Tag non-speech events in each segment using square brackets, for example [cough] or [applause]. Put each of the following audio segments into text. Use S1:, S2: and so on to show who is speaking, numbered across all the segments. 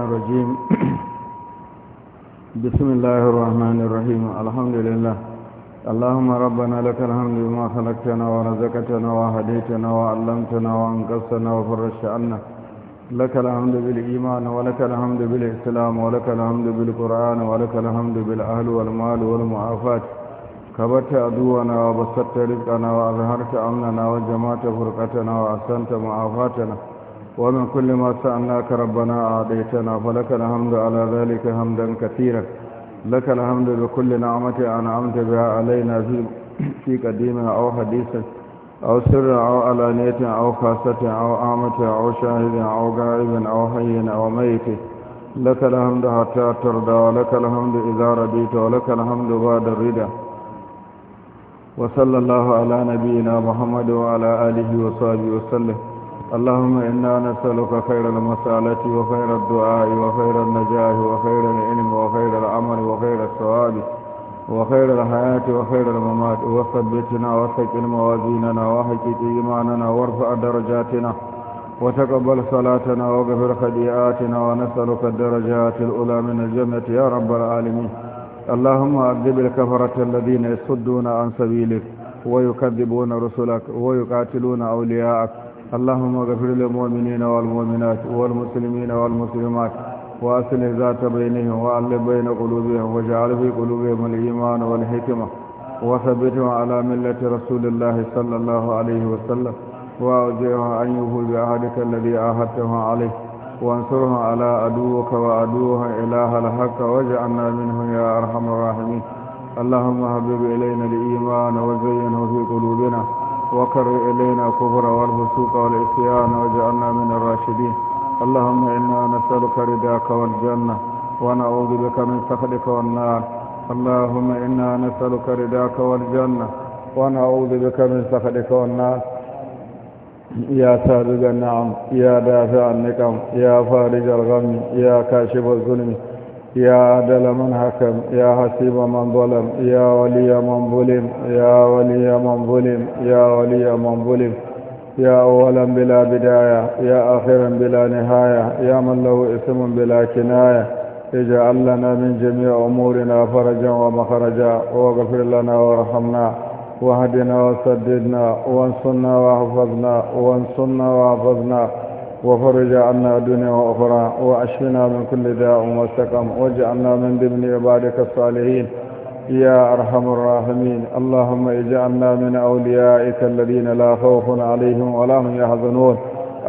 S1: الرجيم بسم الله الرحمن الرحيم الحمد لله اللهم ربنا لك الحمد بما خلقتنا ورزقتنا وهديتنا وعلمتنا وانقذتنا وفرجت عنا لك الحمد بالايمان ولك الحمد بالاسلام ولك الحمد بالقران ولك الحمد بالاهل والمال والمعافاة كبرت عدونا وبسطت رزقنا وأظهرت امننا وجمعت فرقتنا واحسنت معافاتنا ومن كل ما سألناك ربنا أعطيتنا فلك الحمد على ذلك حمدا كثيرا لك الحمد بكل نعمة أنعمت بها علينا في قديم أو حديثا أو سر أو علانية أو خاصة أو عامة أو شاهد أو غائب أو حي أو ميت لك الحمد حتى ترضى ولك الحمد إذا رضيت ولك الحمد بعد الرضا وصلى الله على نبينا محمد وعلى آله وصحبه وسلم اللهم إنا نسألك خير المسألة وخير الدعاء وخير النجاح وخير العلم وخير العمل وخير الثواب وخير الحياة وخير الممات وثبتنا وثقل موازيننا وحقق إيماننا وارفع درجاتنا وتقبل صلاتنا واغفر خطيئاتنا ونسألك الدرجات الأولى من الجنة يا رب العالمين اللهم أعذب الكفرة الذين يصدون عن سبيلك ويكذبون رسلك ويقاتلون أولياءك اللهم اغفر للمؤمنين والمؤمنات والمسلمين والمسلمات وأصلح ذات بينهم وألف بين قلوبهم واجعل في قلوبهم الإيمان والحكمة وثبتهم على ملة رسول الله صلى الله عليه وسلم وأوجعهم أن يوفوا بعهدك الذي عاهدتهم عليه وانصرهم على عدوك وعدوهم إله الحق واجعلنا منهم يا أرحم الراحمين اللهم هبب إلينا الإيمان وزينه في قلوبنا وكره إلينا الكفر والفسوق والعصيان واجعلنا من الراشدين اللهم إنا نسألك رداك والجنة ونعوذ بك من سخطك والنار اللهم إنا نسألك رداك والجنة ونعوذ بك من سخطك والنار يا سابق النعم يا دافع النقم يا فارج الغم يا كاشف الظلم يا عدل من حكم يا حسيب من ظلم يا ولي من ظلم يا ولي من ظلم يا ولي من ظلم يا أولا بلا بداية يا آخرا بلا نهاية يا من له اسم بلا كناية اجعل لنا من جميع أمورنا فرجا ومخرجا واغفر لنا وارحمنا وهدنا وسددنا وانصرنا واحفظنا وانصرنا واحفظنا وفرج عنا الدنيا وأخرى وأشفنا من كل داء وسقم واجعلنا من ضمن عبادك الصالحين يا أرحم الراحمين اللهم اجعلنا من أوليائك الذين لا خوف عليهم ولا هم يحزنون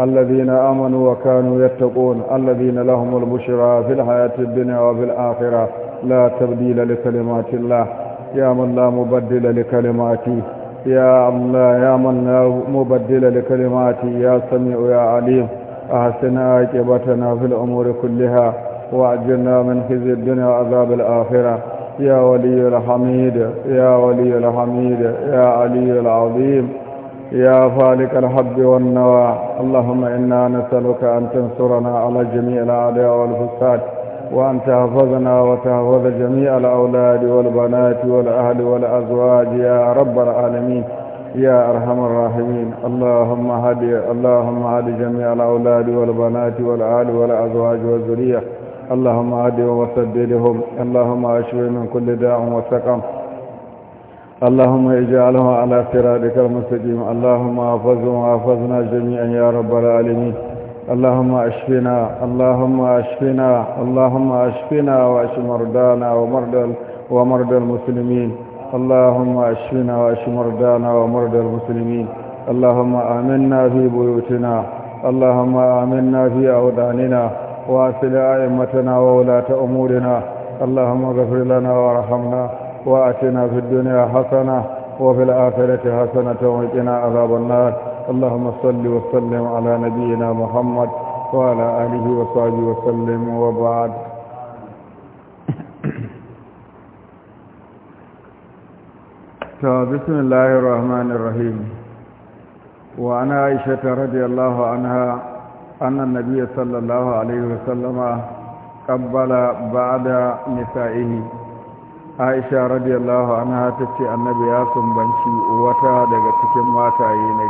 S1: الذين آمنوا وكانوا يتقون الذين لهم البشرى في الحياة الدنيا وفي الآخرة لا تبديل لكلمات الله يا من لا مبدل لكلماتي يا الله يا من لا مبدل لكلماتي يا سميع يا عليم أحسن عاقبتنا في الأمور كلها وعجلنا من خزي الدنيا وعذاب الآخرة يا ولي الحميد يا ولي الحميد يا علي العظيم يا فالك الحب والنوى اللهم إنا نسألك أن تنصرنا على جميع الأعداء والفساد وأن تحفظنا وتحفظ جميع الأولاد والبنات والأهل والأزواج يا رب العالمين يا أرحم الراحمين اللهم هد اللهم هد جميع الأولاد والبنات والآل والأزواج والذرية اللهم هدهم وسددهم اللهم أشف من كل داع وسقم اللهم اجعله على صراطك المستقيم اللهم احفظه واحفظنا جميعا يا رب العالمين اللهم اشفنا اللهم اشفنا اللهم اشفنا واشف مرضانا ومرضى ومرضى المسلمين اللهم اشفنا واشف مرضانا ومرضى المسلمين اللهم آمنا في بيوتنا اللهم آمنا في أوداننا وأسل أئمتنا وولاة أمورنا اللهم اغفر لنا وارحمنا وآتنا في الدنيا حسنة وفي الآخرة حسنة وقنا عذاب النار اللهم صل وسلم على نبينا محمد وعلى آله وصحبه وسلم وبعد To, bismillahir rahmanir rahim ba'da nisa'ihi aisha radiyallahu anha ya sumbanci wata daga cikin yi ne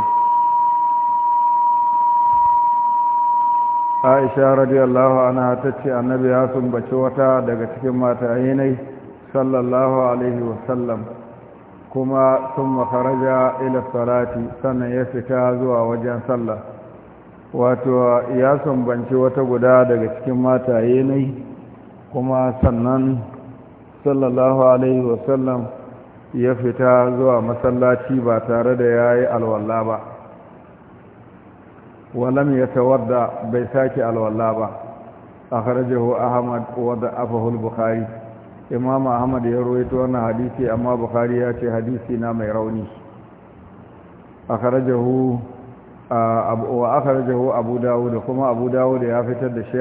S1: aisha radiyallahu anha ta kuma sun makaraja ila salati sannan ya fita zuwa wajen sallah wato ya sumbanci wata guda daga cikin mataye ne kuma sannan sallallahu alaihi wasallam ya fita zuwa masallaci ba tare da ya yi alwallah ba walam ya tawadda bai sake alwallah ba a kharajahu ahmad wadda afahul bukhari imam ahmad ya rawaito wannan hadisi amma bukhari ya ce hadisi na mai rauni akhrajahu wa akhrajahu abu dawud kuma abu dawud ya fitar da shi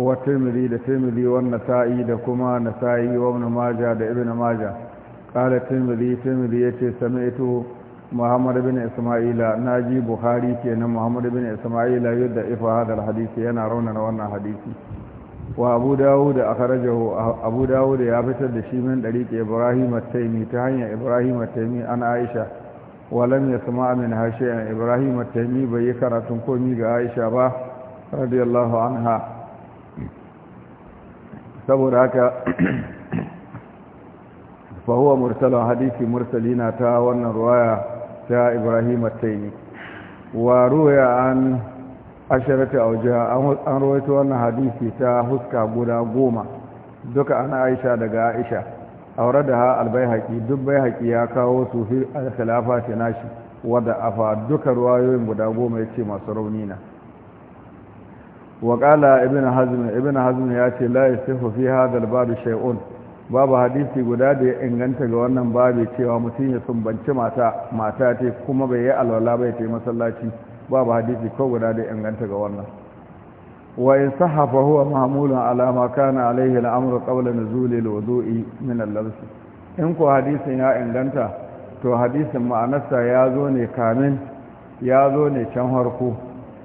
S1: wa tirmidhi da tirmidhi wa nasa'i da kuma nasa'i wa ibn majah da ibn majah qala tirmidhi tirmidhi yace sami'tu muhammad ibn isma'ila naji bukhari kenan muhammad ibn isma'ila yadda ifa hadal hadisi yana raunana wannan hadisi wa abu dawud da aka abu dawud ya fitar da shi min ɗariƙe ibrahim taimi ta hanyar ibrahim taimi an aisha walam ya sama amin harshe ibrahim taimi bai yi karatun komi ga aisha ba radiyallahu anha saboda haka [clears throat] fahuwa Murtala, hadisi mursalina ta wannan ruwaya ta ibrahim taimi wa ruwaya an asharata auja an rawaito wannan hadisi ta huska guda goma duka ana aisha daga aisha aure da ha haƙi duk haƙi ya kawo su fi alkhilafa ta nashi wada afa duka ruwayoyin guda goma yace masu rauni na wa qala ibn hazm ibn hazm yace la yasihu fi hadal babu shay'un babu hadisi guda da ya inganta ga wannan babu cewa mutum ya sumbanci mata mata ce kuma bai yi alwala bai ta masallaci babu hadisi ko guda da inganta ga wannan wa in sahafa huwa mahmulun ala ma kana alaihi al-amru qabla nuzuli wudui min al-labs in ko hadisin ya inganta to hadisin ma'anarsa ya zo ne kamin ya zo ne can harko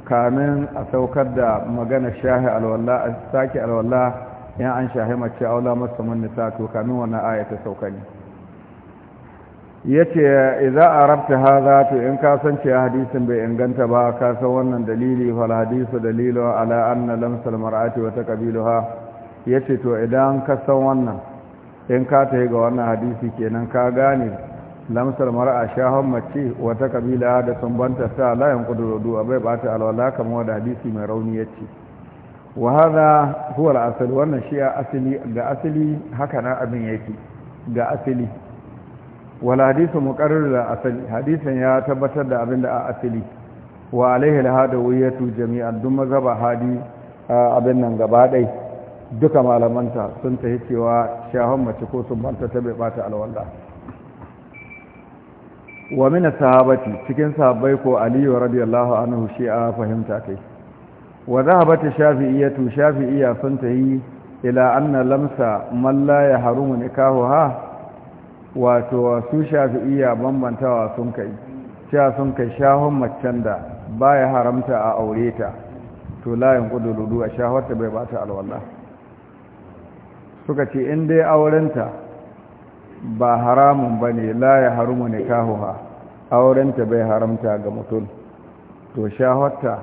S1: kamin a saukar da magana shahi alwala a sake alwala in an shahi mace aula masu mun nisa to kamin wannan aya ta sauka ne ya ce arabta haza to in ka san ce hadisin bai inganta ba ka san wannan dalili fal hadisu dalilu ala anna lamsal mar'ati wa taqbiluha yace to idan ka san wannan in ka tayi ga wannan hadisi kenan ka gane lamsar mar'a shahon mace wata kabila da sumbanta sa layan abai bai bata alwala kamar wanda hadisi mai rauni yace wa hadha huwa al-asl wannan shi asli ga asli haka na abin yake ga asali wala hadisu muqarrar da asali hadisin ya tabbatar da abinda a asali wa alaihi alhada wiyatu jami'an duk mazhaba hadi abin nan gaba dai duka malamanta sun tahi cewa shahon mace ko sun banta ta bai bata alwala wa min sahabati cikin sahabbai ko aliyu radiyallahu anhu shi a fahimta kai wa zahabati shafi'iyatu shafi'iyya sun tahi ila anna lamsa man la yahrumu nikahuha wato su shafi'iya bambantawa sun kai cewa sun kai shahon macen da baya haramta a aure ta to layin kudurudu a shahonta bai bata alwala suka ce in dai aurenta ba haramun ba ne laye harumu ne ha, aurenta bai haramta ga mutum to shaharta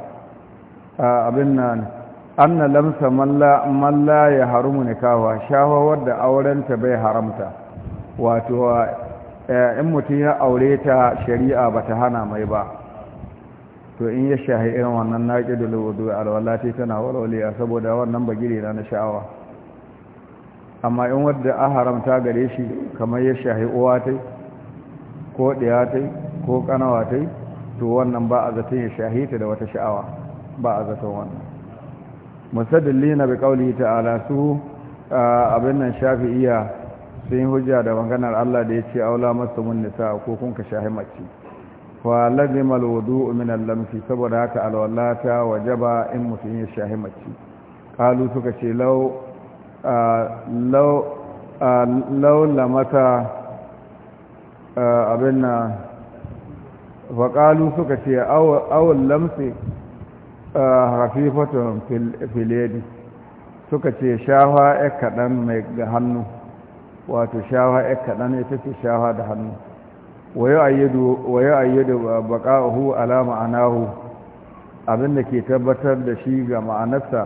S1: abin nan an na lamsa malla ya harumu ne kahuha shahawar da aurenta bai haramta wato eh, in mutum ya aure ta shari'a ba ta hana mai ba to in ya shahi irin wannan naƙi da lewudu alwallati tana a saboda wannan bagire na na sha'awa amma in wadda a haramta gare shi kamar ya shahi uwa ta ko ɗaya ta ko ƙanawa ta to wannan ba a zaton ya shahi ta da wata sha'awa ba a zaton wannan musadin lina bi ƙauli ta'ala su ah, abin nan shafi'iya sun yi hujja da maganar Allah da ya ce aula masu mun nisa ko kun ka shahi mace fa lazima wudu min al-lamsi saboda haka alwallata wajaba in mutum ya shahi mace kalu suka ce law law lamata abin na kalu suka ce awul lamsi hafifatun fil yadi suka ce shafa ya kaɗan mai ga hannu wato shawa ya kaɗan ita ce shawa da hannu wa yi ayyadu baƙa'uhu ala ma'anahu abinda ke tabbatar da shi ga ma'anarsa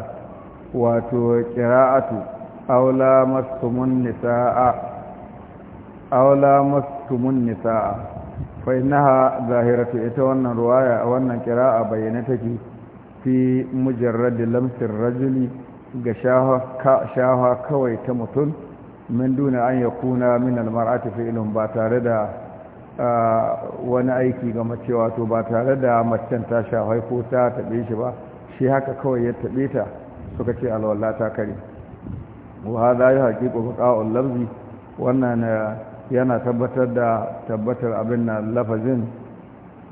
S1: wato ƙira'atu aula mastumun nisa'a aula mastumun nisa'a fai naha zahiratu ita wannan ruwaya a wannan ƙira'a bayyana take fi mujarradi lamsin rajuli ga shawa kawai ta mutum min duna an ya kuna min almar'ati fi'ilun ba tare da wani aiki ga mace wato ba tare da macen ta shafai ko ta taɓe shi ba shi haka kawai ya taɓe ta suka ce alwala ta kare wa za yi haƙiƙo faƙa'un lafzi wannan yana tabbatar da tabbatar abin na lafazin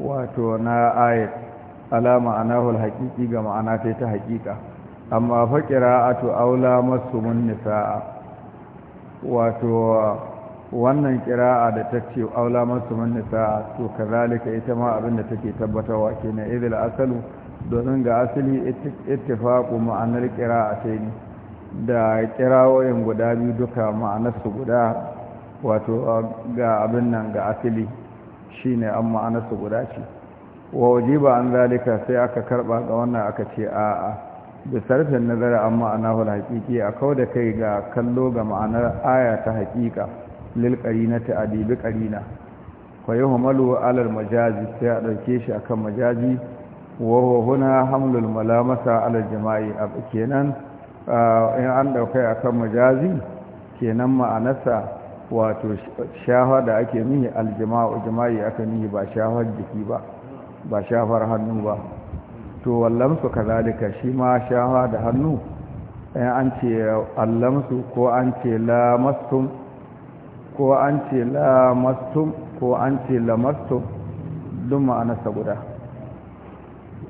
S1: wato na ayat alama anahul haƙiƙi ga ma'ana ta ta haƙiƙa amma faƙira a to aula masu mun nisa'a wato wannan kira'a da ta ce aula masu manisa to kazalika ita ma abinda take tabbatarwa na izil asalu domin ga asali faƙo ma'anar kira'a ce ne da kirawoyin guda biyu duka ma'anarsu guda wato ga abin nan ga asali shi ne an ma'anarsu guda ce wa wajiba an zalika sai aka karɓa ga wannan aka ce a'a da sarfin nazara an ma'ana hul haƙiƙi a kawo da kai ga kallo ga ma'anar aya ta haƙiƙa lil ƙarina ta adibi ƙarina kwa yi humalu alal majazi sai a ɗauke shi akan majazi wahu huna hamlul malamasa alal jama'i a kenan in an ɗaukai akan majazi kenan ma'anarsa wato shafa da ake nihi aljama'u jama'i aka nihi ba shafar jiki ba ba shafar hannu ba to wallamsu kazalika shi ma shawa da hannu an ce allamsu ko an ce lamastum ko an ce lamastum ko an ce lamastum duk ma'anarsa guda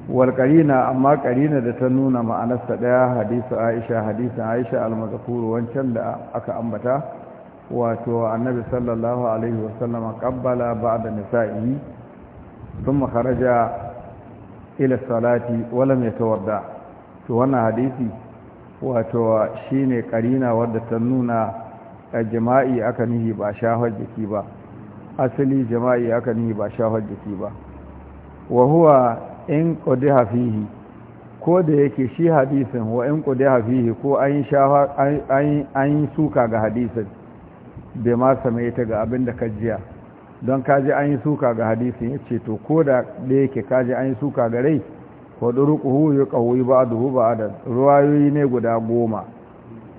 S1: walƙarina amma ƙarina da ta nuna ma'anarsa ɗaya hadisu aisha hadisun aisha almazakuru wancan da aka ambata wato annabi sallallahu alaihi wasallama ƙabbala ba da nisa'i sun makaraja ila salati walam yatawadda to wannan hadisi wato shine karina wadda ta nuna jama'i aka nihi ba shahar jiki ba asali jama'i aka nihi ba shahar jiki ba wa huwa in qadiha fihi ko da yake shi hadisin wa in qadiha fihi ko an shahar suka ga hadisin bai ma same ta ga abin da kajiya don kaji an yi suka ga hadisin ya ce to ko da ɗaya yake kaji an yi suka ga rai wadda rukuhu ya ƙahuyi ba da ba da ruwayoyi ne guda goma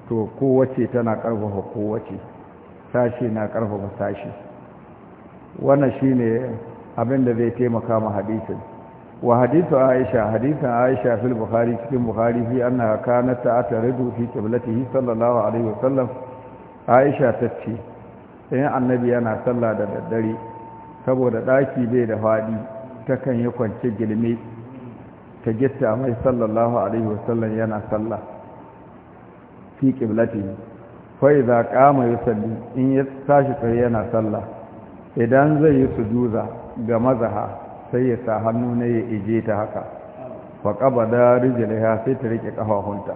S1: to kowace tana ƙarfafa kowace sashi na ƙarfafa sashi wannan shi ne abin da zai taimaka ma hadisin wa hadisu aisha hadisun aisha fil bukhari cikin bukhari fi annaha kanat ta'taridu fi qiblatihi sallallahu alaihi wasallam aisha tace sayan annabi yana sallah da daddare saboda ɗaki bai da faɗi takan yi kwance gilme ta gitta mai sallallahu alaihi wasallam yana sallah fi ƙiblatihi fai za ƙama in ya tashi tsaye yana sallah idan zai yi sujuza ga mazaha sai ya sa hannu na ya ije ta haka fa ƙaba da ya, sai ta riƙe ƙafafunta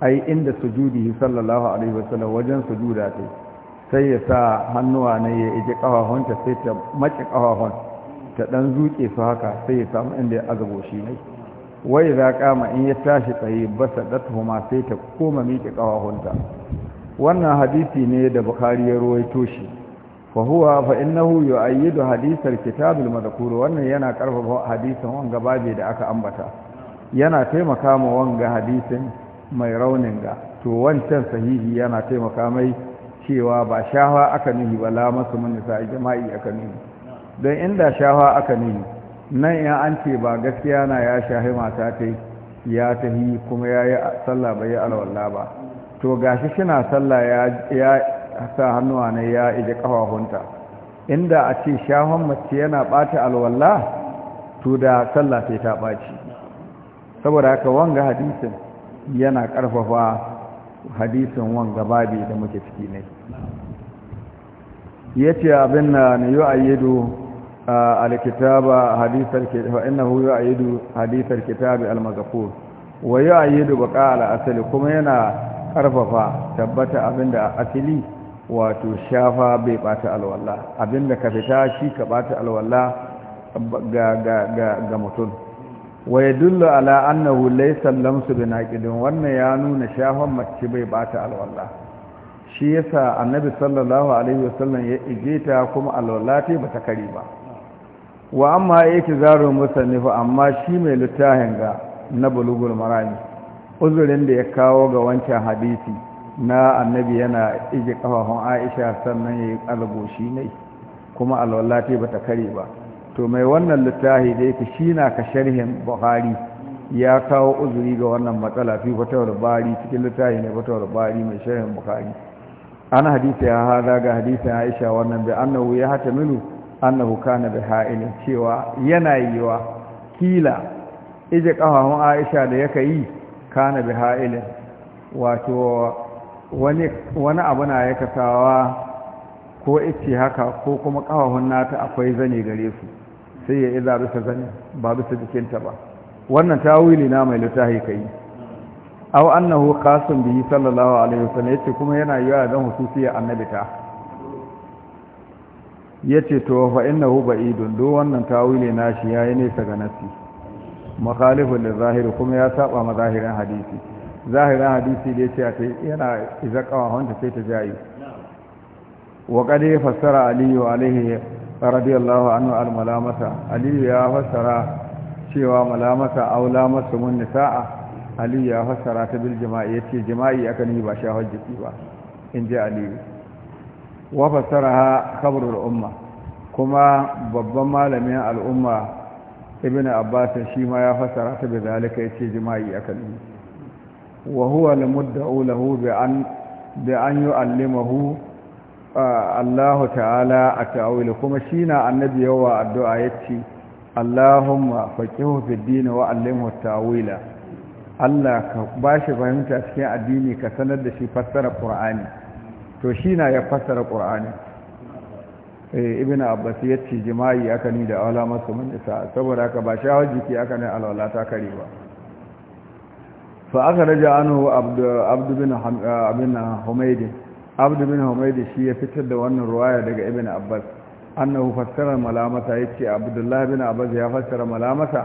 S1: ai inda sujudi sallallahu alaihi wasallam wajen sujuda ta sai ya sa hannuwa na ya ije ƙawahonta sai ta maki ƙawahon ta ɗan zuƙe su haka sai ya samu inda ya azabo shi ne wai za kama in ya tashi tsaye basa ɗatuhuma sai ta koma miƙe ƙawahonta wannan hadisi ne da bukari ya ruwaito shi fa inna fa yi yu'ayyidu hadisar kitabul madhkur wannan yana ƙarfafa hadisin wanga babe da aka ambata yana taimaka ma wanga hadisin mai raunin ga to wancan sahihi yana taimaka mai cewa ba shawa aka nuhi ba la masu a jama'i aka nuhi don inda shawa aka nuhi nan ya an ce ba gaskiya na ya shahi mata ta ya tahi kuma ya yi sallah bai yi alwallah ba to gashi shina sallah ya sa hannuwa na ya ije ƙafafunta inda a ce shahon mace yana ɓata alwallah to da sallah sai ta ɓaci saboda haka wanga hadisin yana ƙarfafa hadisin wanga babi da muke ciki ne yace abin na ne alkitaba hadisal kitaba innahu ayyadu hadisar kitabi almaghfur wa yu'ayyidu baqa kuma yana karfafa tabbata da asili wato shafa bai bata alwala da ka fita shi ka bata alwala ga mutum wa yadullu ala annahu laysa lamsu naqidin wannan ya nuna shahon mace bai bata alwala shi yasa annabi sallallahu alaihi wasallam ya igeta kuma alwala ta bata kare ba wa amma yake zaro musannifu amma shi mai littafin ga na bulugul marami uzurin da ya kawo ga wancan hadisi na annabi yana ije kafafun Aisha sannan ya yi shi ne kuma alwala ta bata kare ba to mai wannan littafi da yake shi na ka sharhin buhari ya kawo uzuri ga wannan matsala fi fatawar bari cikin littafi ne fatawar bari mai sharhin buhari Ana hadisa ya hada ga hadisa aisha wannan bai annahu ya hata milu annahu kana bi ha'ilin cewa yana yiwa kila ije kafafun aisha da yaka yi kana bi ha'ilin wato wani wani abu na ya kasawa ko ice haka ko kuma kafafun nata akwai zane gare su sai ya iza bisa zane ba bisa jikinta ba wannan tawili na mai littafi yi. Au annahu qasim bihi sallallahu alaihi wasallam yace kuma yana yi wa zan ya annabi ta yace to fa innahu ba'idun do wannan tawili na shi yayi nesa ga nasi da zahiri kuma ya saba ma zahirin hadisi zahirin hadisi da yace ta yana izaqawa wanda sai ta jayi wa qad fassara aliyu alaihi radiyallahu anhu al-malamata ya fassara cewa malamata aula masu nisa'a aliyu ya fassara ta bil jima'i yace jima'i akan yi ba shahar jiki ba wa fassaraha umma kuma babban malamin al'umma ibn abbas shi ma ya fassara ta bizalika yace jima'i akan yi wa huwa lahu bi an bi an yu'allimahu Allahu ta'ala a ta'awili kuma shi na annabi yawa addu'a ya ce Allahumma faqihu fi dini wa allimhu ta'awila Allah ka bashi fahimta cikin addini ka sanar da shi fassara Qur'ani to shi na ya fassara Qur'ani abbas ya jima'i aka ni da aula mun isa saboda haka ba shawar jiki aka ne alwala ta kare ba fa aka raja anhu abdu bin abin abdu bin humaydi shi ya fitar da wannan ruwaya daga ibn abbas annahu fassara malamata yace abdullahi bin abbas ya fassara malamata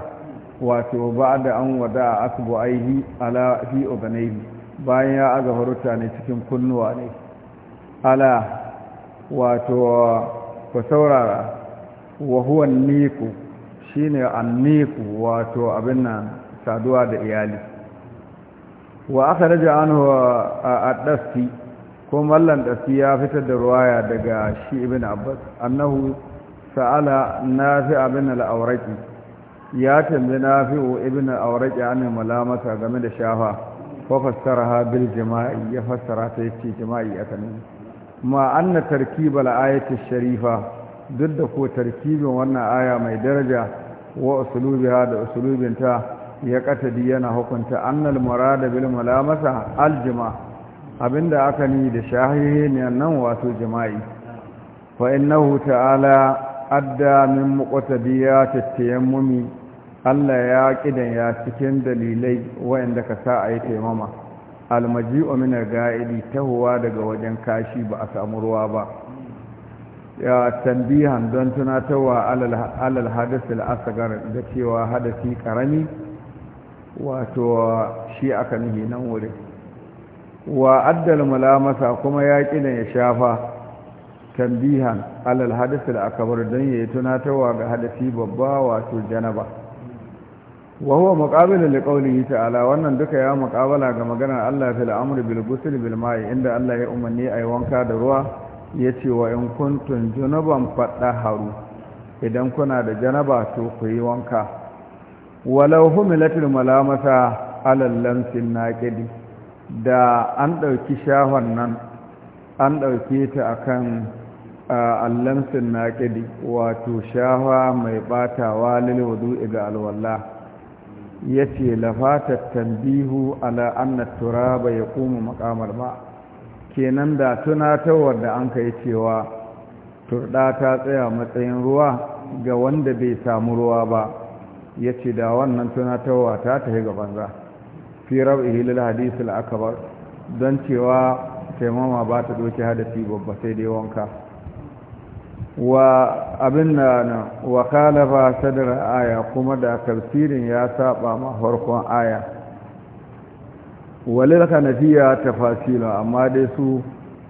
S1: wato ba'da an wada asbu aihi ala fi ubanaihi bayan ya aga haruta ne cikin kunnuwa ne ala wato ku saurara wa huwa niku shine anniku wato abin nan saduwa da iyali wa akhraja anhu ad-dasti ko mallan dafi ya fitar da ruwaya daga shi ibn abbas annahu sa'ala nafi'a bin al-awraqi ya tambayi nafi'u ibn al-awraqi an malamata game da shafa fa fassaraha bil jima'i ya fassara ta jima'i aka ne ma anna tarkib ayati sharifa duk da ko tarkibin wannan aya mai daraja wa usulubiha da usulubinta ya katadi yana hukunta annal murada bil malamata al-jima' abinda aka ni da shahihi ne nan wato jima'i fa innahu ta'ala adda min muqtadiyat tayammumi Allah ya kidan ya cikin dalilai wa'anda ka sa yi taimama. almaji'u min al-ga'idi tahuwa daga wajen kashi ba a samu ruwa ba ya tambihan don tunatarwa alal hadith al-asghar da cewa hadasi karami wato shi aka nihi nan wurin wa addal mulamasa kuma ya kina ya shafa tambihan alal hadith al-akbar dan yayi tunatarwa ga hadisi babba wato janaba wa huwa li qawlihi ta'ala wannan duka ya muqabala ga maganar Allah fil amri bil ghusl bil ma'i inda Allah ya umarni ayi wanka da ruwa yace wa in kuntum junuban haru idan kuna da janaba to ku yi wanka walau humilatul mulamasa alal lamsin naqidi da an ɗauki shahon nan an ɗauke ta akan allansin naƙidi wato shahwa mai ɓatawa lilwudu ga alwallah ya ce lafatar tambihu ala annar turaba ya kuma makamar ba kenan da tunatarwar da an kai cewa turɗa ta tsaya matsayin ruwa ga wanda bai samu ruwa ba ya ce da wannan tunatarwa ta tafi ga banza fi rab'ihi lil hadith al akbar don cewa taimama ba ta doke hadasi babba sai dai wanka wa abin na wa fa sadra aya kuma da tafsirin ya saba ma farkon aya walil kanafiya tafasila amma dai su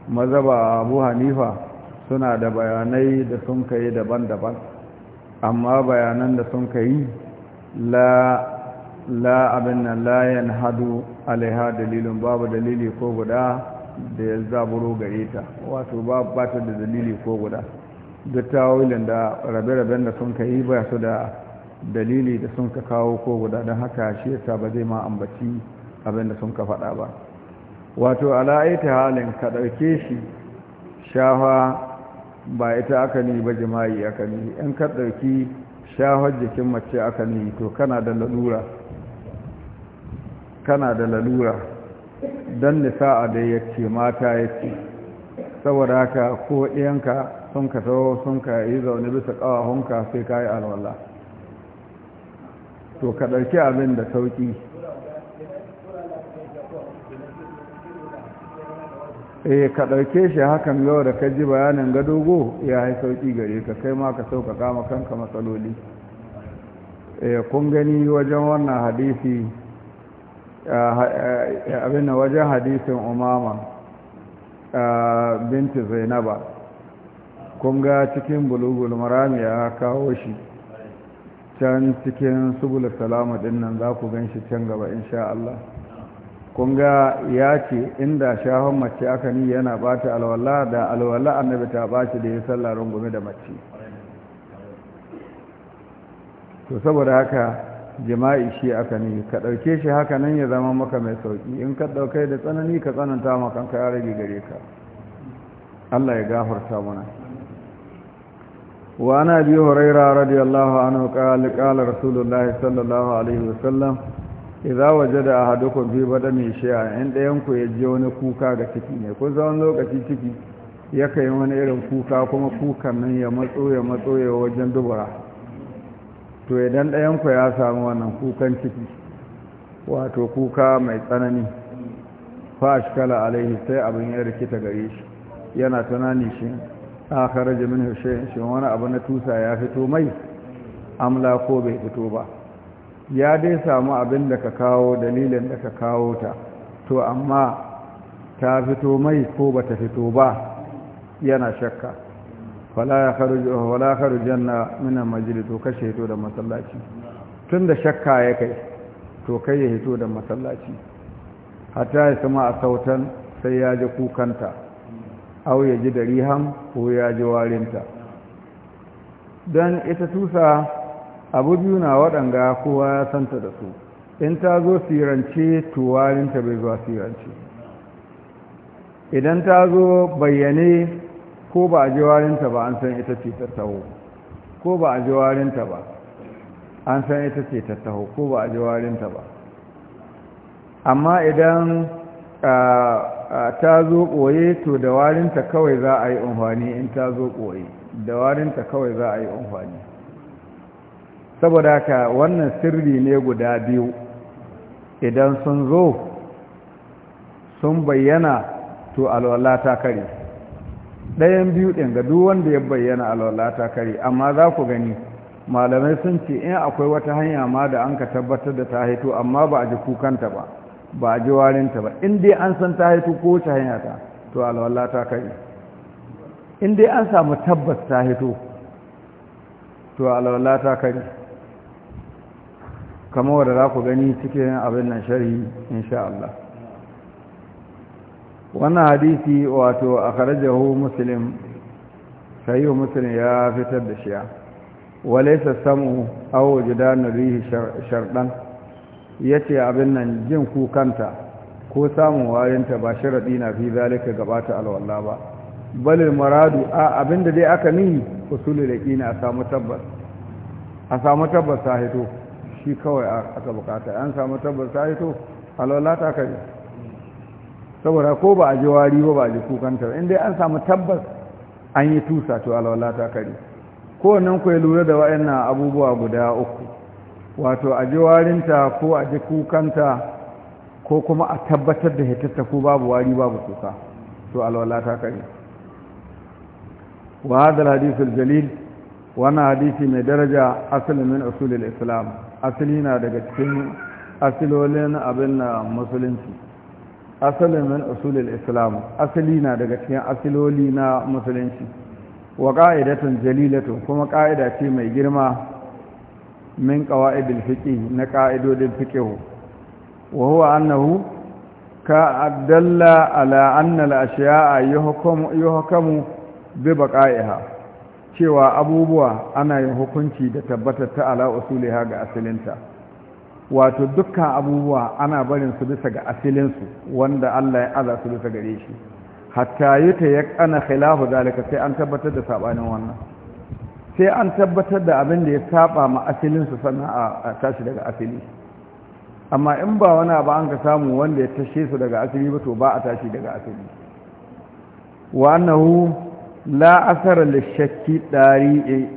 S1: mazaba abu hanifa suna da bayanai da sun kai daban-daban amma bayanan da sun kai la la abin nan layan hadu alaiha dalilin babu dalili ko guda da ya zaburo gare ta wato babu bata da dalili ko guda duk da rabe-raben da sun ka yi ba su da dalili da sun ka kawo ko guda don haka shi yasa ba zai ma ambaci abin da sun ka faɗa ba wato ala'aita halin ka ɗauke shi shafa ba ita aka ni ba jima'i aka ni in ka ɗauki shafar jikin mace aka ni to kana da lalura tana da lalura don a da ya ce mata ya ce saboda haka ko ɗiyanka sun ka taho sun ka yi zaune bisa ƙawahunka sai ka yi alwala to ka ɗauki abin da sauƙi eh ka ɗauke shi hakan yau da ka ji bayanin ga dogo ya yi sauƙi gare ka kai ma ka sauƙaƙa kanka matsaloli eh kun gani wajen wannan hadisi abin wajen hadisin umama binti zainaba kun ga cikin bulugul marami ya kawo shi can cikin subul salama dinnan za ku gan shi can gaba insha Allah kun ga ya ce inda shahon mace aka ni yana bata alwala da alwala annabi ta baci da ya sallah rungume da mace to saboda haka jima'i shi aka ne ka ɗauke shi haka nan ya zama maka mai sauƙi in ka ɗaukai da tsanani ka tsananta makan ka ya rage gare ka Allah ya gafarta mana wa ana biyu huraira radiyallahu anhu qala qala rasulullahi sallallahu alaihi wasallam idza wajada ahadukum fi badani shay'an in dayan ku ji wani kuka ga ciki ne ko zaman lokaci ciki ya kai wani irin kuka kuma kukan nan ya matso ya matso ya wajen dubura to idan ɗayan ɗayanku ya samu wannan kukan ciki wato kuka mai tsanani fa kala alaihi sai abin ya rikita gare shi yana tunani shi akhara jimin shi wani abu na tusa ya fito mai amla ko bai fito ba ya dai samu abin da ka kawo dalilin da ka kawo ta to amma ta fito mai ko ba ta fito ba yana shakka fala ya wa? wala min al-majlis to kashe hito da masallaci tunda shakka ya kai to kai ya hito da masallaci hatta ya sama a sautan sai ya ji kukanta au ya ji dariham ko ya ji warinta don ita tusa abu biyu na waɗanga kowa ya santa da su in ta zo sirance warinta bai zuwa sirance idan ta zo bayyane ko ba a jiwarinta ba an san ita ce ta taho ko ba a jiwarinta ba an san ita ce ta taho ko ba a jiwarinta ba amma idan ta zo ɓoye to da warinta kawai za a yi umfani in ta zo ɓoye da warinta kawai za a yi umfani. saboda ka wannan sirri ne guda biyu idan sun zo sun bayyana to alwala ta kare ɗayan biyu ɗin ga duk wanda ya bayyana alwala ta kare amma za ku gani malamai sun ce in akwai wata hanya ma da an ka tabbatar da ta haito amma ba a ji kukanta ba ba a ji warinta ba in dai an san ta haito ko wata hanya ta to alwala ta kare in dai an samu tabbas ta haito to alwala ta kare kamar wadda za ku gani cikin abin nan shari'i insha Allah wannan hadisi wato a kharajahu muslim sahihu muslim ya fitar da shi walaysa samu aw jidan rihi shardan yace abin nan jin kukanta ko samun warinta ba sharadi na fi zalika gabata alwalla ba bal maradu a abin da dai aka nihi usulul yaqini a samu tabbas a samu tabbas sahito shi kawai aka bukata an samu tabbas sahito alwala ta kai saboda ko ba a ji wari ba ba a ji kukanta inda dai an samu tabbas an yi tusa to alwala ta kare kowannen ku ya lura da waɗannan abubuwa guda uku wato a ji warinta ko a ji kukanta ko kuma a tabbatar da hitarta ko babu wari babu kuka to alwala ta kare wa hada hadithul jalil wannan hadisi mai daraja asali min usulul islam asali na daga cikin asilolin abin musulunci asalin min usulul islam asali na daga cikin asiloli na musulunci wa qa'idatun jalilatu kuma qa'ida ce mai girma min qawa'idil fiqi na qa'idodin fiqi wa huwa annahu ka adalla ala anna al-ashya'a yuhkamu yuhkamu bi baqa'iha cewa abubuwa ana yin hukunci da tabbatar ta ala usuliha ga asalinta wato duka abubuwa ana barin su bisa ga asilinsu wanda Allah ya aza su bisa gare shi hatta yi ya kana khilafu zalika sai an tabbatar da sabanin wannan sai an tabbatar da abin da ya saba ma asilinsu sana a tashi daga asili amma in ba wani ba an ka samu wanda ya tashe su daga asili ba to ba a tashi daga asili wa annahu la asara lishakki dari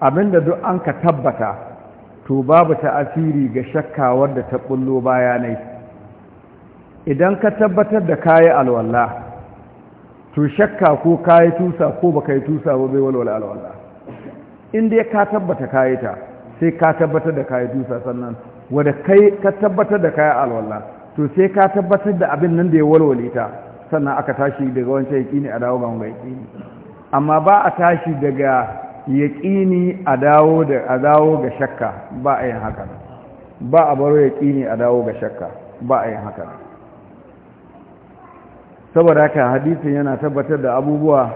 S1: abinda duk an ka tabbata to babu ta'asiri ga shakka wadda ta bullo bayanai idan ka tabbatar da kayi alwala to shakka ko kayi tusa ko ba kayi tusa ba bai walwala alwala in dai ka tabbata kayi ta sai ka tabbatar da kayi tusa sannan wadda kai ka tabbatar da kayi alwala to sai ka tabbatar da abin nan da ya walwale ta sannan aka tashi daga wancan ne a dawo ga wanga ne amma ba a tashi daga yaƙini a dawo a dawo ga shakka ba a yin haka ba a baro yaƙini a dawo ga shakka ba a yin haka saboda haka hadisin yana tabbatar da abubuwa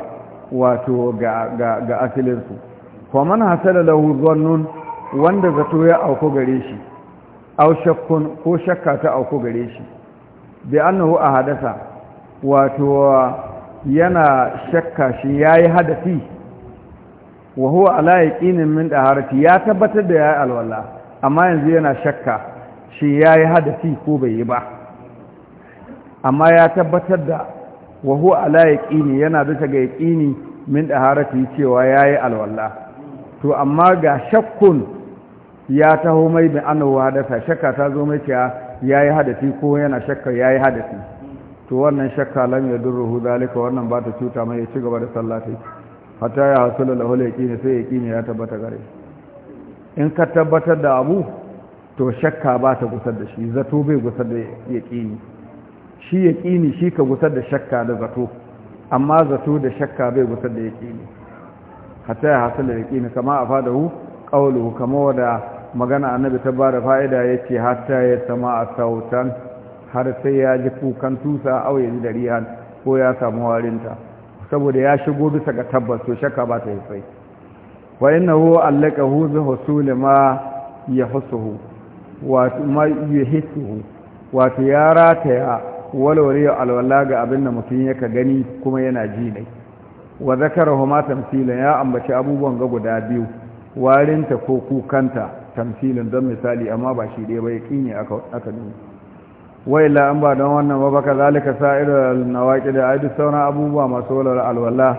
S1: wato ga ga ga asilinsu faman hasala lahu dhannun wanda zato ya auko gare shi aw shakkun ko shakka ta auko gare shi bi annahu hadasa, wato yana shakka shi yi hadasi wa huwa ala yaqinin min daharati ya tabbatar da yayi alwala amma yanzu yana shakka shi yayi hadisi ko bai yi ba amma ya tabbatar da wa huwa ala yaqini yana bisa ga yaqini min daharati cewa yayi alwala to amma ga shakkun ya taho mai bin annahu hadasa shakka ta zo mai cewa yayi hadisi ko yana shakka yayi hadisi to wannan shakka lam yadurruhu zalika wannan ba ta cuta mai ya ci gaba da sallah hatta ya hasula lahul yaqini sai yaqini ya tabbata gare in ka tabbatar da abu to shakka ba ta gusar da shi zato bai gusar da yaqini shi yaqini shi ka gusar da shakka da zato amma zato da shakka bai gusar da yaqini hatta ya hasula yaqini kama a afadahu kawalu. kama wada magana annabi ta bada fa'ida ya ce hatta ya sama a sautan har sai ya ji kukan tusa a auyin dariya ko ya samu warinta saboda ya shigo bisa ga tabbas to shakka ba ta yi sai wa allaka hu bi husuli ma yahsuhu wa ma yahsuhu wa tiyara ta walwali alwala ga abin da mutum yaka gani kuma yana ji ne wa zakarahu ma tamsilan ya ambaci abubuwan ga guda biyu warinta ko kukanta tamsilin don misali amma ba shi ɗaya ba ya ƙi aka nuna wai la an ba don wannan ba baka zalika sa'irul nawaqi da ai duk sauran abubuwa masu walar alwala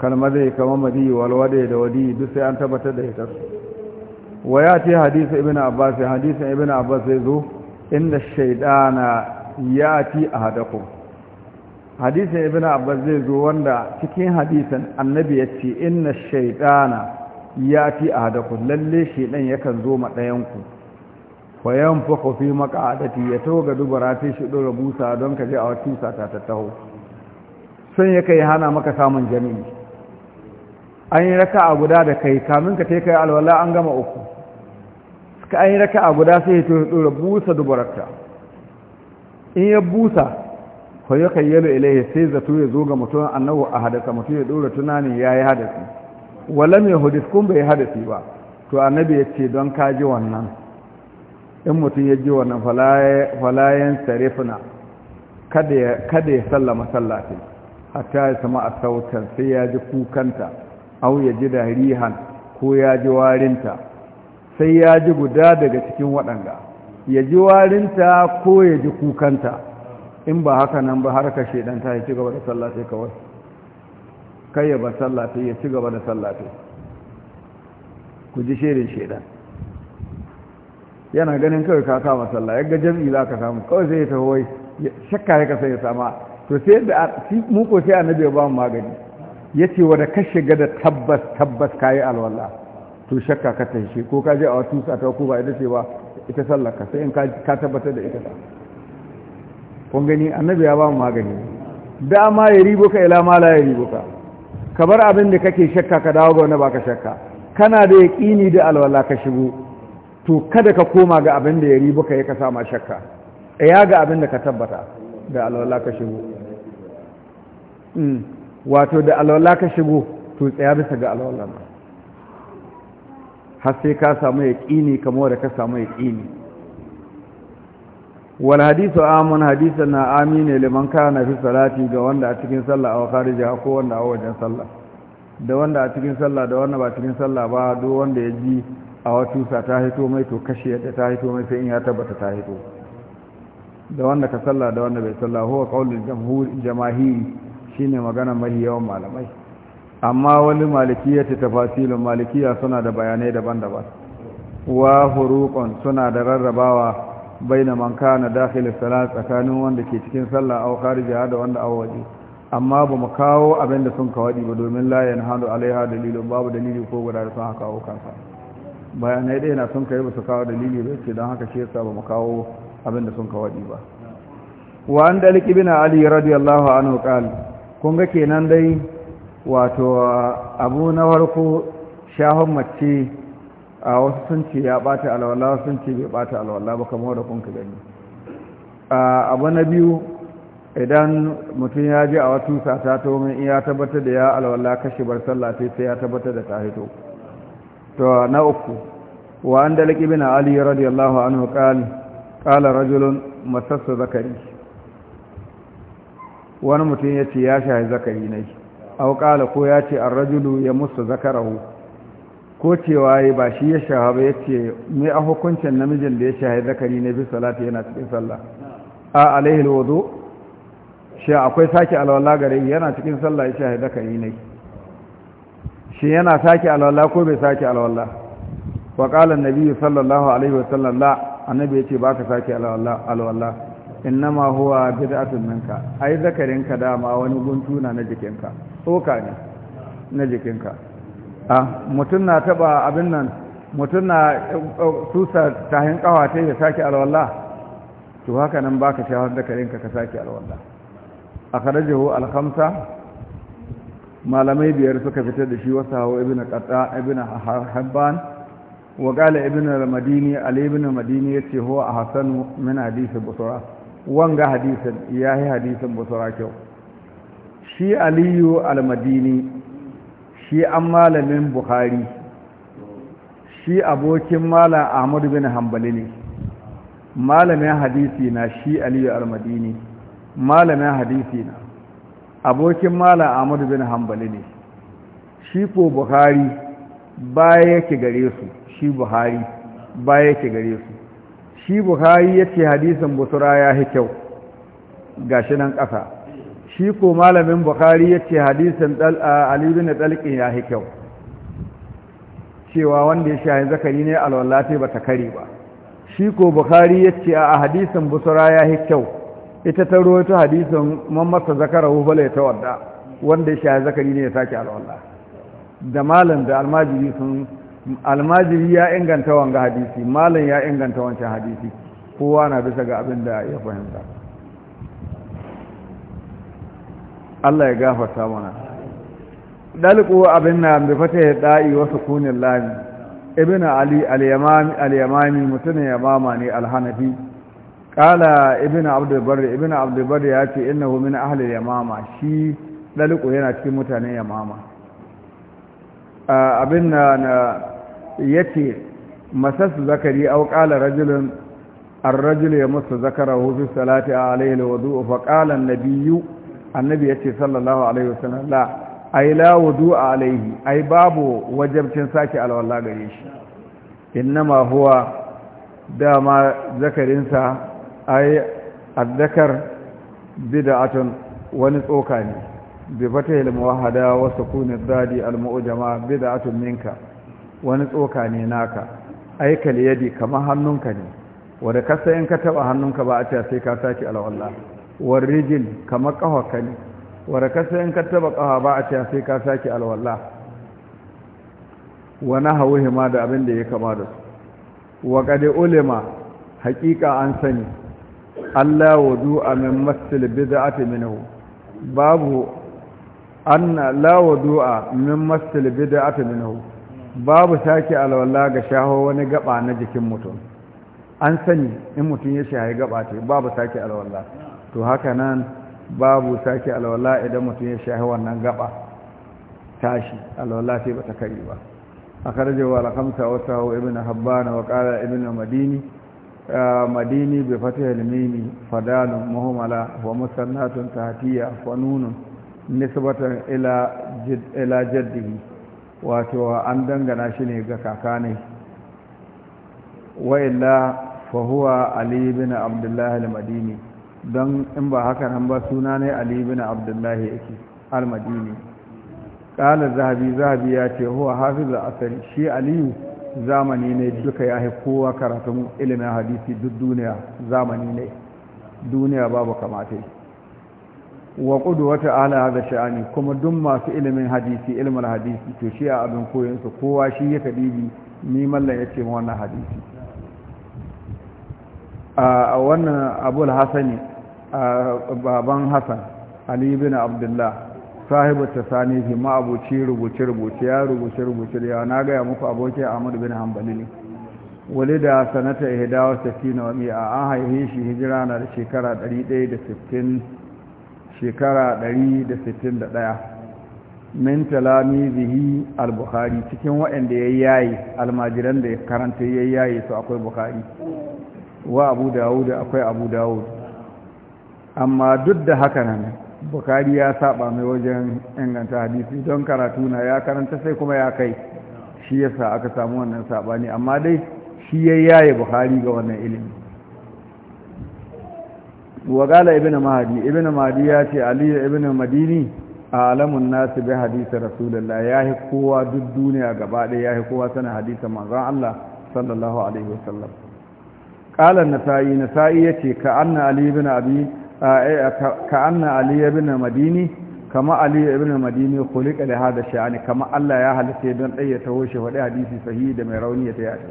S1: kalma kamar madi walwade da wadi duk sai an tabbatar da ita wa ya ce hadisi ibn abbas hadisi ibn abbas sai zo inda shaydana yati ahadakum hadisi ibn abbas zai zo wanda cikin hadisin annabi ya ce inna shaydana yati ahadakum lalle shaydan yakan zo ma dayan ku fa yanfukhu fi maq'adati ya ga dubara ta shi ɗora busa don ka je a wacin sa ta taho sun ya kai hana maka samun jami'i an yi raka a guda da kai kamin ka kai alwala an gama uku ka an yi raka a guda sai ya ɗora busa dubararta in ya busa fa ya yalo ilaihi sai zato ya zo ga mutum annahu a hadasa mutum ya dora tunanin yi hadasi wala mai hudis kun bai hadasi ba to annabi ya ce don ji wannan in mutum ya ji wannan falayen sarifina kada ya sallama a ta yi sama a sautan sai ya ji kukanta au ya ji da rihan ko ya ji warinta sai ya ji guda daga cikin waɗanga, ya ji warinta ko ya ji kukanta in ba haka nan ba har ka shaidan ta ya ci gaba da sallafi kawai kai ya ba sallafi ya ci gaba da sallafi? ku ji shirin shaidan. yana ganin kawai ka kama sallah yadda jami'i za ka samu kawai sai ya taho shakka ya kasa ya sama to sai yadda mu ko sai annabi ya ba mu magani ya ce wa da ka shiga da tabbas tabbas ka yi alwala to shakka ka tashi ko ka je a wasu sa ta ko ba ita ce ba ita sallah ka sai in ka tabbatar da ita ba kun gani annabi ya ba mu magani dama ya ribo ka ila ma la ya ribo ka ka bar abin da kake shakka ka dawo ga wanda baka shakka kana da yaƙini da alwala ka shigo to kada ka koma ga abin da ya ribu ka yi ka sama shakka ya ga abin da ka tabbata da alwala ka shigo mm. wato da alwala ka shigo to tsaya bisa ga alwala ma har sai ka samu ya ƙini kamar da ka samu ya ƙini Wani hadisu amun hadisan na amine liman na fi salati ga wanda a cikin sallah a jiha ko wanda a wajen sallah da wanda a cikin sallah da wanda ba cikin sallah ba duk wanda ya ji a watusa ta hito mai to kashe yadda ta hito mai sai in ya tabbata ta hito da wanda ka salla da wanda bai salla huwa qaulul jamhur jamahiri shine magana mai yawan malamai amma wani malikiya ta tafasilin, malikiya suna da bayanai daban-daban wa suna da rarrabawa baina man kana dakhil salat tsakanin wanda ke cikin sallah aw kharijaha da wanda aw waje amma ba mu kawo abin da sun kawadi ba domin la yanhadu alaiha dalilun babu dalili ko guda da sun haka kawo kansa bayanai dai na sun kai ba su kawo dalili ba ce don haka shi yasa ba mu kawo abin da sun waɗi ba wa an dalik ibn ali radiyallahu anhu qal kun ga kenan dai wato abu na farko shahon mace a wasu sun ce ya bata alwala sun ce bai bata alwala ba kamar da kun ka gani abu na biyu idan mutum ya ji a wasu sata to mun ya tabbatar da ya alwala kashi bar sallah sai ya tabbatar da ta to na uku wa an ibn ali radiyallahu anhu qali qala rajulun masassa zakari wani mutum ya ce ya shahi zakari ne au kala ko ya ce ar-rajulu ya musu zakarahu ko cewa yi ba shi ya shaha ba ya ce me a hukuncin namijin da ya shahi zakari ne bi salati yana cikin sallah a alaihi alwudu shi akwai sake alwala gare yana cikin sallah ya shahi zakari ne shi yana sake alwala ko bai sake alwala wa qala an-nabi sallallahu alaihi wa sallam la annabi yace ba ka sake alwala alwala innama huwa bid'atun minka ai ka dama wani guntuna na jikinka tsoka ne na jikinka a mutum na taba abin nan mutum na tusa eh, eh, tahin kawa ta ya sake alwala to haka nan baka shawar zakarinka ka sake alwala akhrajahu al-khamsa malamai biyar suka fitar da shi wasu hawa ibn qatta ibn habban wa qala ibn al-madini ali ibn al-madini yace huwa ahsanu min hadith busra wanga hadisin yayi hadisin busra kyau shi aliyu al-madini shi an malamin bukhari shi abokin malam ahmad bin hanbali ne malamin hadisi na shi aliyu al-madini malamin hadisi na abokin mala ahmadu bin hambali ne shi ko buhari baya yake gare su shi buhari baya yake gare su shi buhari ya ce hadisin busura ya yi kyau gashi nan ƙasa shi ko malamin buhari ya ce hadisin alibin da ɗalƙin ya yi kyau cewa wanda ya shahin zakari ne alwallafi ba ta kare ba shi ko buhari ya ce a hadisin busura ya yi kyau ita ta rawaito hadisin man masa zakara hufala ya tawadda wanda shi ya zakari ne ya sake alwala da malam da almajiri sun almajiri ya inganta wanga hadisi malam ya inganta wancan hadisi kowa na bisa ga abin da ya fahimta Allah ya gafarta mana Daliku abin na bi fata da'i wasu kunin lam ibn ali al-yamani al-yamani mutun yamama ne al-hanafi Ƙala Ibn عبد البر ابن عبد البر ياتي انه من اهل اليمامة shi دلقو yana cikin mutanen yamama abin na yace masas zakari au ƙala qala an ar ya yamassu zakarahu fi salati alayhi al wudu fa qala na biyu annabi ya ce sallallahu alayhi wasallam la ay la a alayhi ay babu wajibcin saki al wallahi gare shi in inma huwa dama zakarinsa. ai addakar bid'atun wani tsoka ne bi fatahil muwahada wa sukun dadi al mu'jama bid'atun minka wani tsoka ne naka ai kal yadi kamar hannunka ne wanda ka sai in ka taba hannunka ba a ce sai ka saki alwala war rijil kamar kafarka ne wanda ka sai in ka taba kahwa ba a ce sai ka saki alwala wa ma da abin da ya kama da su wa qad ulima haqiqa an sani Allah wudu'a min masal bid'ati minhu babu anna la wudu'a min masal bid'ati minhu babu sake alwala ga shaho wani gaba na jikin mutum an sani in mutum ya shaye gaba te babu sake alwala to haka nan babu sake alwala idan mutum ya shaye wannan gaba tashi alwala sai bata kai ba akhrajahu al-khamsa wa sahu ibn habban wa qala ibn madini madini bi fatihil mimi fadalu muhmala wa musannatun tahtiya fununun nisbatan ila jid ila jaddihi wato an dangana shi ne ga kakane wa illa fa huwa ali ibn abdullah al madini dan in ba haka nan ba suna ne ali ibn abdullah yake al madini qala zahabi zahabi ya ce huwa hafiz al asri shi aliyu zamani ne duka ya haifu kowa karatun ilimin hadisi duk duniya zamani ne duniya babu kamata wa kudu wata ala haza sha'ani kuma duk masu ilimin hadisi ilimin hadisi to shi a abin koyansu kowa shi ya kadibi ni mallan ya ce wannan hadisi a wannan abul hasani baban hasan ali bin abdullah sahibu tasani fi ma'abuci rubuce rubuce ya rubuce rubuce da yawa na gaya muku abokin ahmad bin hanbali ne wani da sanata ihdawa sakina wa mi'a an haife shi hijira na da shekara 160 shekara 161 min talamizihi al-bukhari cikin waɗanda ya yayi almajiran da ya karanta ya yayi su akwai bukhari wa abu dawud akwai abu dawud amma duk da haka nan bukari ya saba mai wajen inganta hadisi don karatu na ya karanta sai kuma ya kai shi yasa aka samu wannan sabani amma dai shi ya yaye bukari ga wannan ilimi wagala ibn mahadi ibn mahadi ya ce aliyu ibn madini a alamun nasu bai hadisa rasulullah ya yi kowa duk duniya gaba ɗaya ya yi kowa sana hadisa mazan allah sallallahu alaihi wasallam ƙalar nasa'i nasa'i ya ce ka anna aliyu ibn abi ka ali ibn madini kama ali ibn madini khuliqa li hadha sha'ani kama Allah ya halitta don dai ya tawo shi wadai hadisi sahihi da mai rauni ya tayi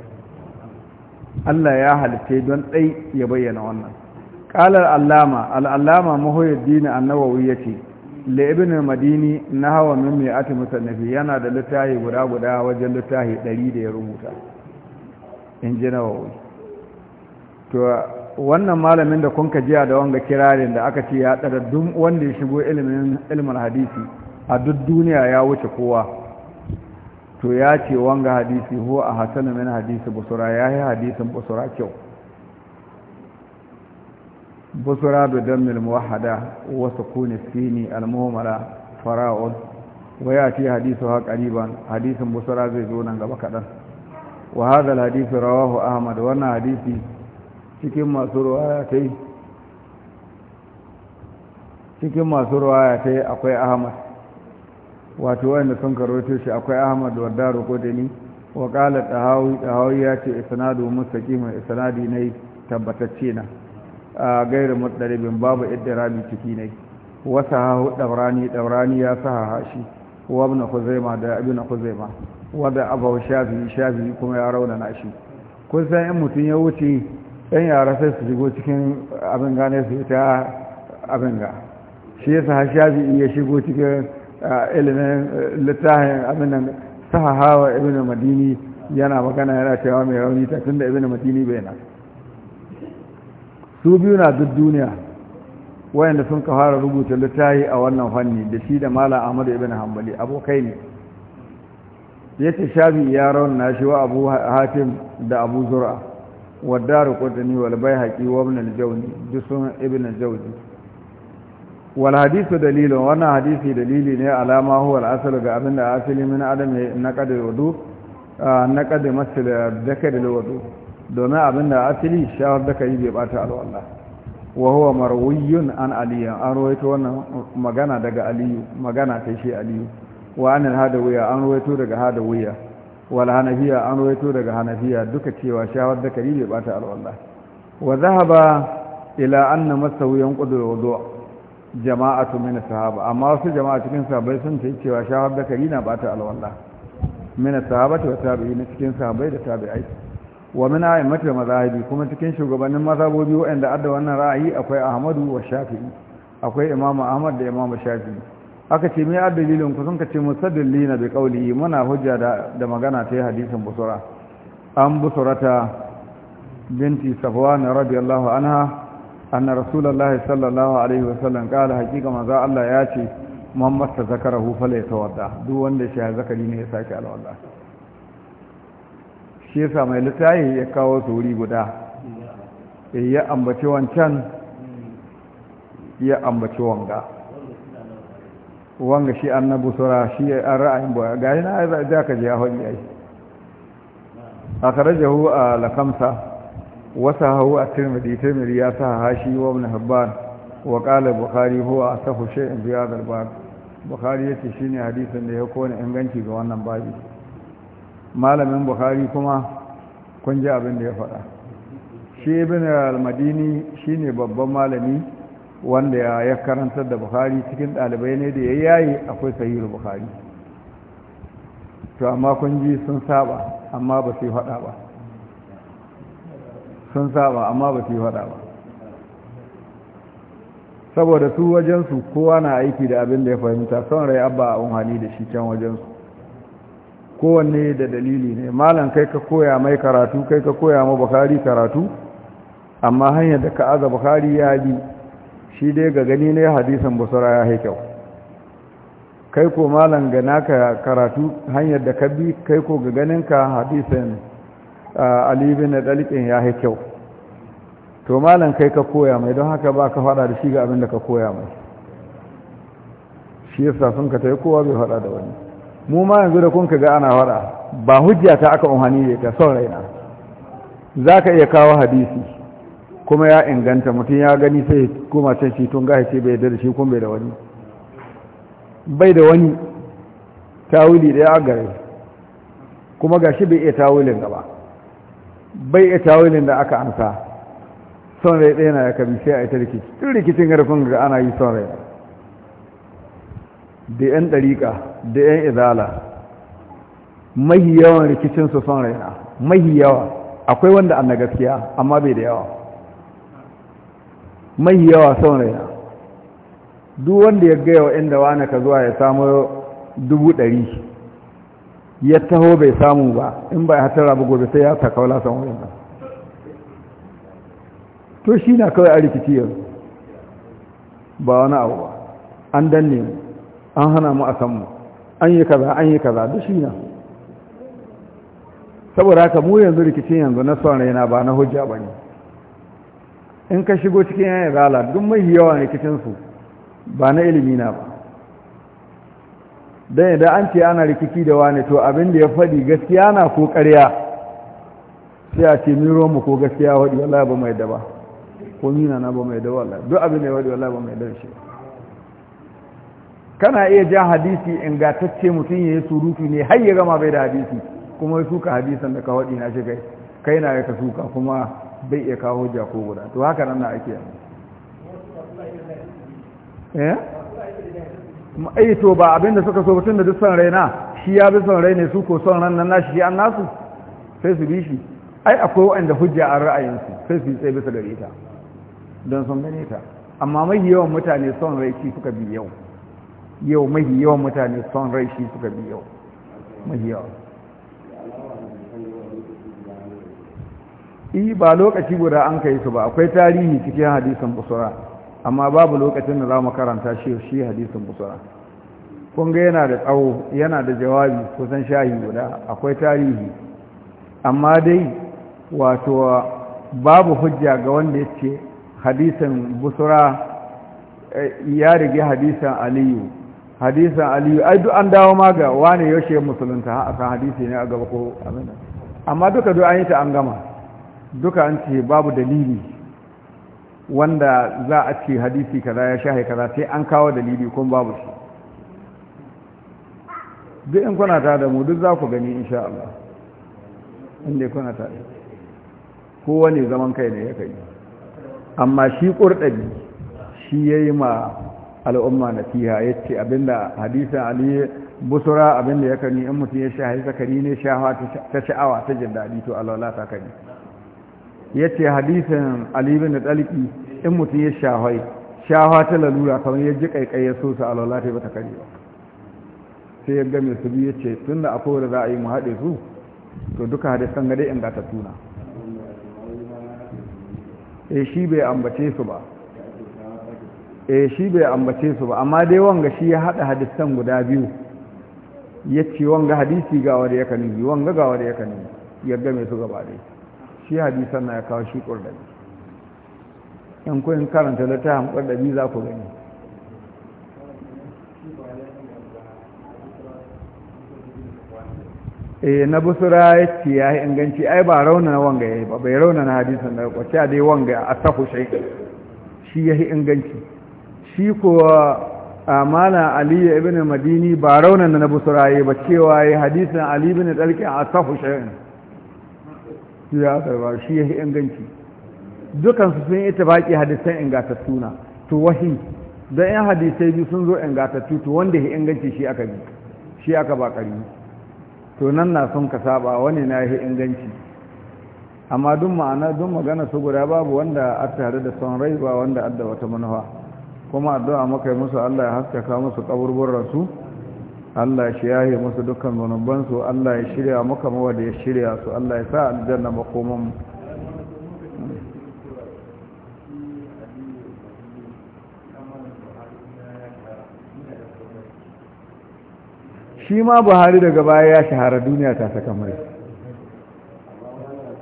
S1: Allah ya halitta don dai ya bayyana wannan al allama al allama muhayyiddin an-nawawi yace li ibn madini nahwa min mi'ati musannafi yana da littafi guda guda wajen littafi 100 da ya rubuta in ji nawawi to wannan malamin da kun jiya da wanga kirarin da aka ce ya tsara duk wanda ya shigo ilimin ilmin hadisi a duk duniya ya wuce kowa to ya ce wanga hadisi ho a hasanu min hadisi busura ya yi hadisin busura kyau busura da dammil muwahada wasu kuni sini almuhammara fara'un waya ce hadisu ha ƙariban hadisin busura zai zo nan gaba kaɗan wa hadal hadisi rawahu ahmad wannan hadisi cikin masu ruwaya ta yi cikin masu ruwaya ta yi akwai ahmad wato wanda sun karoto shi akwai ahmad wadda ni wa kala ɗahawi ɗahawi ya ce isnadu mustaqimin isnadi ne tabbatacce na a gairu mutsaribin babu iddirami ciki ne Wasu hahu ɗaurani ɗaurani ya saha shi wa abin huzaima da abin huzaima wadda abu shafi shafi kuma ya rauna na shi kun san in mutum ya wuce yan yara sai su shigo cikin abin gane su ta abin ga shi yasa hashabi ya shigo cikin ilimin eh, littafin abin nan sahahawa ibn madini yana magana yana cewa mai rauni ta tunda ibn madini bai na su biyu na duk duniya wayanda sun ka fara rubuta littafi a wannan fanni da shi da mala ahmadu ibn hanbali abokai ne yace shafi ya rauna shi wa abu hatim da abu zur'a waddaru qutni wal bayhaqi wa ibn al-jawzi dusun ibn al-jawzi wal hadithu dalilun wannan hadisi dalili ne alama huwa al-asl ga abin a asali min adam na qad wudu na qad masal dakar wudu domin abin da asali shawar da kai bai bata alwala wa huwa marwiyun an aliyan an rawaito wannan magana daga aliyu magana kai shi aliyu wa an al an rawaito daga hadawiya wal hanafiya an rawaito daga hanafiya duka cewa shawar da kari bai bata alwallah wa zahaba ila anna masahu yanqudu alwudu jama'atu min sahaba amma wasu jama'a cikin sahabbai sun ce cewa shawar da kari na bata alwallah min sahabati wa tabi'in cikin sahabbai da tabi'ai wa min a'immati da mazahibi kuma cikin shugabannin mazhabobi waɗanda adda wannan ra'ayi akwai Ahmadu wa Shafi'i akwai Imam Ahmad da Imam Shafi'i aka ce mai adalilin ku sun ka ce musaddalli na bi kauli muna hujja da magana ta yi hadisin busura an busurata binti safwan radiyallahu anha anna rasulullahi sallallahu alaihi wasallam kala hakika maza Allah ya ce Muhammad ta zakarahu fala yatawadda duk wanda shi ya zakari ne ya sake alwala shi yasa mai litayi ya kawo su wuri guda eh, ya ambaci wancan ya ambaci wanga wanga shi annabu sura shi an ra'ayin ga gari na za ka je a hajji ai a karajahu a lakamsa wasa hau a tirmidhi tirmidhi ya sa hashi wa ibn habban wa qala bukhari huwa asahu shay'in bi hadha al-bab bukhari shi shine hadisin da ya kone inganci ga wannan babi malamin bukhari kuma kun ji abin da ya faɗa shi ibn al-madini shine babban malami wanda ya karantar da bukhari cikin ɗalibai ne da ya yayi akwai sahihu bukhari to amma kun ji sun saba amma ba su yi faɗa ba sun saba amma ba su yi faɗa ba saboda su wajensu kowa na aiki da abin da ya fahimta son rai abba a unhani da shi can wajensu kowanne da dalili ne malam kai ka koya mai karatu kai ka koya ma bukari karatu amma hanyar da ka aza bukari ya bi shi dai ga gani ne hadisan busara ya haikau kai ko malam ga naka karatu hanyar da kabi kai ko ga ganinka hadisan alibi da dalikin ya haikau to malam kai ka koya mai don haka ba ka fada da shi ga abin da ka koya mai shi yasa sun ka ta yi kowa bai fada da wani mu ma yanzu da kunka ga ana fada ba hujja ta aka umhani ne ta son raina za ka iya kawo hadisi kuma ya inganta mutum ya gani sai kuma can shi tun gashi ce bai da shi kuma bai da wani bai da wani tawili da ya gare kuma gashi bai iya tawilin gaba bai iya tawilin da aka amsa son rai ɗaya na ya kabi sai a ita rikici tun rikicin garfin ga ana yi son rai da 'yan ɗariƙa da 'yan izala mahi yawan rikicinsu son rai na mahi yawa akwai wanda an na gaskiya amma bai da yawa mai yawa son raina duk wanda ya gaya wa inda wane ka zuwa ya samu dubu ɗari ya taho bai samu ba in bai hatara ba gobe sai ya takaula son wurin nan to shi na kawai a rikici yanzu ba wani abu ba an danne mu an hana mu a kanmu an yi kaza an yi kaza duk shi na saboda haka mu yanzu rikicin yanzu na son raina ba na hujja ba ne in ka shigo cikin yanayin rala duk mai yawa yawan su ba na ilimi na ba don idan an ce ana rikici da wani to abin da ya faɗi gaskiya na ko ƙarya sai a ce miro mu ko gaskiya waɗi wallahi ba mai daba ko mina na ba mai daba wallahi duk abin da ya waɗi wallahi ba mai daba shi kana iya jan hadisi ingantacce mutum ya yi surutu ne har ya gama bai da hadisi kuma ya suka hadisan da ka waɗi na shi kai kai na ya ka suka kuma bai iya kawo hujja ko guda to haka nan na ake eh ai eh, to ba abinda suka so tun da duk son raina shi ya bi son raina su ko son ran nan nashi shi an nasu sai su bi shi ai akwai wanda hujja an ra'ayinsu sai su yi tsaye bisa gare ta don son gane ta amma mai yawan mutane son rai shi suka bi yau yau mai yawan mutane son rai shi suka bi yau mai yawan i ba lokaci guda an kai su ba akwai tarihi cikin hadisin busura amma babu lokacin da za mu karanta shi shi hadisin busura kun yana da tsawo yana da jawabi kusan shayi guda akwai tarihi amma dai wato babu hujja ga wanda ya ce hadisin busura eh, ya rige hadisan aliyu hadisan aliyu ai duk an dawo ma ga wane yaushe musulunta a kan hadisi ne a gaba ko amina amma duka duk an yi ta an gama duka an ce babu dalili wanda za a ce hadisi kaza ya sha kaza sai an kawo dalili kun babu shi duk in kuna tare da mu duk za ku gani insha Allah inda kuna tare kowane zaman kai ne ya kai amma shi ƙurɗabi shi ya yi ma al'umma na fiha ya ce abinda hadisan ali busura abinda ya kani in mutum ya sha haifakari ne sha ta sha'awa ta jin daɗi to alwala ta kari ya ce hadisin alibin da ɗaliki in mutum ya shahai Shahwa ta lalura kamar ya ji ƙaiƙai ya so su a lalata ba ta kare ba sai ya game su biyu ya ce tun da akwai da za a yi mu haɗe su to duka kan gade in na ta eh, shi bai ambace su ba eh, shi bai ambace su ba amma dai wanga shi ya haɗa hadisan guda biyu ya ce wanga hadisi ga wanda ya kanin wanga ga wanda ya kanin ya game su gaba dai shi hadisan na ya kawo shi ƙurɗabi in kun karanta littafin ƙurɗabi za ku gani eh na busura ya ce ya yi inganci ai ba raunana wanga ya yi ba bai na hadisan da kwace a dai wanga a tafi shi shi ya yi inganci shi kuwa amana aliyu ibn madini ba raunana na busura ya yi ba cewa ya yi hadisan ali ibn dalki a sahu shaikin ya karba shi ya yi inganci dukansu sun yi tabaki hadisan ingatattu na to wahi don yan hadisai biyu sun zo ingatattu to wanda ya inganci shi aka bi shi aka ba kari to nan na sun ka saba wani na yi inganci amma duk ma'ana duk magana su guda babu wanda a tare da son rai ba wanda adda wata manufa kuma addu'a muka yi musu Allah ya haskaka musu kaburburran su Allah shi yaye musu dukkan zunubansu Allah ya shirya muka mawa da ya shirya su Allah ya sa aljanna makoman shi ma buhari daga baya ya shahara duniya ta saka mai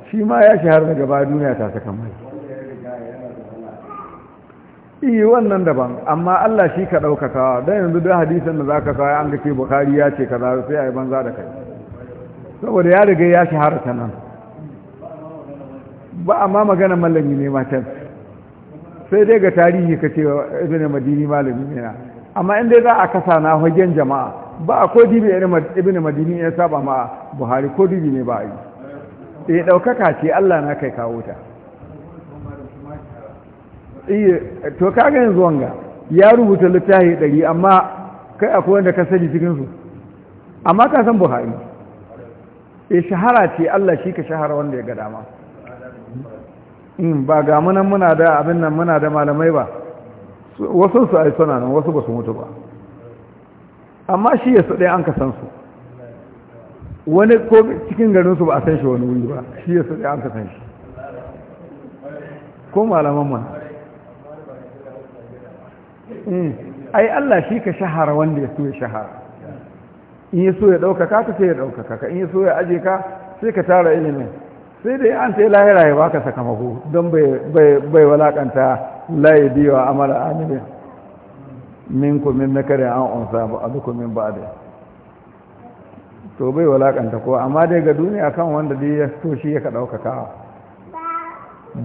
S1: shi ma ya shahara daga baya duniya ta saka mai iya wannan daban amma Allah shi ka ɗaukaka don yanzu don hadisan da za ka sa an ga ce bukari ya ce kaza sai a yi banza da kai saboda ya riga ya shahara ta nan ba amma magana malami ne matan sai dai ga tarihi ka ce ibn madini malami ne na amma in dai za a kasa na hagen jama'a ba a ko dibi ibn madini ya saba ma buhari ko dibi ne ba a yi
S2: eh, ɗaukaka ce
S1: Allah na kai kawo ta to kaga yanzu wanga ya rubuta littafi ɗari amma kai akwai wanda ka sani cikinsu amma ka san buhari e shahara ce allah shi ka shahara wanda ya ga dama hmm, ba ga munan muna da abin nan muna da malamai ba wasu su ai suna nan wasu ba su mutu ba amma shi ya ɗaya an ka san su wani ko cikin garinsu ba a san shi wani wuri ba shi ya ɗaya an ka san shi
S2: ko malaman mana Mm. ai Allah shi
S1: ka shahara wanda ya so ya shahara in ya so ya ɗaukaka ta sai ya ɗaukaka ka in ya so ya aje ka sai ka tara ilimin sai dai an sai lahira ya baka sakamako don bai walakanta layi biyu a amara min minku min kare an unsa ba a duk min ba da to bai walakanta ko amma dai ga duniya kan wanda dai ya so shi ya ka ɗaukaka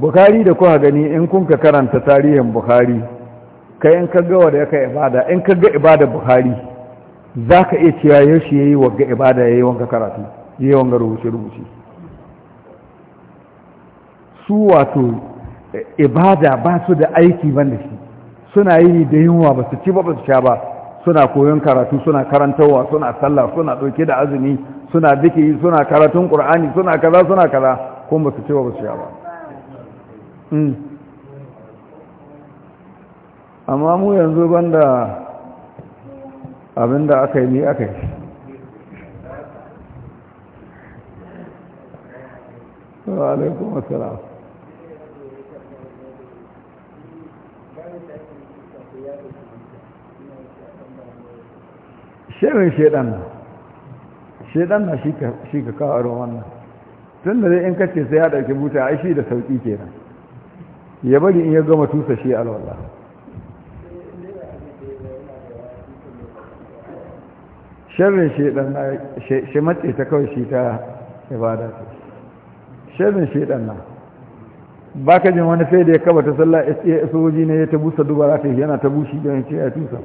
S1: bukari da kuwa gani in kun ka karanta tarihin bukari ka yin kaga wadda ya kai ibada in kaga ibada buhari za ka iya cewa yaushe ya yi wanga ibada ya yi wanga karatu ya yi wanga rubuce-rubuce su wato ibada ba su da aiki ban da shi suna yi da yunwa ba su ci ba ba su sha ba suna koyon karatu suna karantarwa suna sallah suna ɗauke da azumi suna biki suna karatun ƙur'ani suna kaza suna kaza kuma ba su ci ba ba su sha ba hmm. amma mu yanzu banda abinda aka yi ni aka yi alaikum assalam shirin shedan na shedan na shi ka kawo wannan tun da zai in kace sai ya dauki buta ai shi da sauki kenan ya bari in ya gama tusa shi alwallah sharrin shaidan na shi matse ta kawai shi ta ibada ce sharrin shaidan na ba ka jin wani fai da ya kaba ta sallah ya ne ya ta busa dubara ta yana ta bushi don ce ya tusa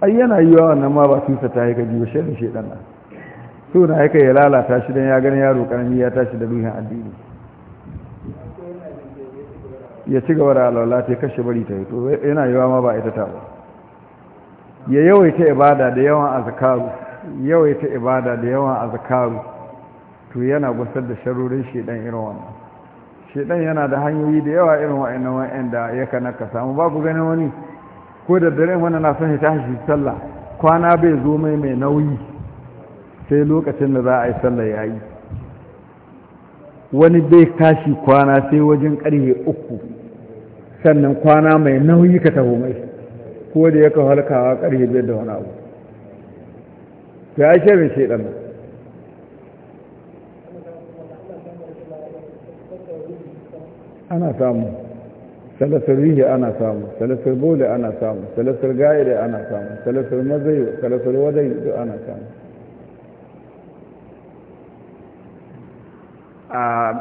S1: ai yana yi wa wannan ma ba tusa ta haika ji ba sharrin shaidan na so na haika ya lalata shi don ya gani yaro karami ya tashi da ruhin addini ya ci gaba da alwala ta kashe bari ta yi to yana yi wa ma ba ita ta ba ya yawaita ibada da yawan azkaru yawaita ibada da yawan azkaru to yana gusar da sharurin shedan irin wannan shedan yana da hanyoyi da yawa irin wa'annan wa'anda ya kana ka samu ba ku ganin wani ko da dare wannan na son ya tashi sallah kwana bai zo mai mai nauyi sai lokacin da za a yi sallah ya yi wani bai tashi kwana sai wajen karfe uku sannan kwana mai nauyi ka taho mai ko da ya halkawa karfe biyar da wani abu to ya shirin shaidan ana samu salasar rihe ana samu salasar bole ana samu salasar ga'ire ana samu salasar mazayo salasar wadai da ana samu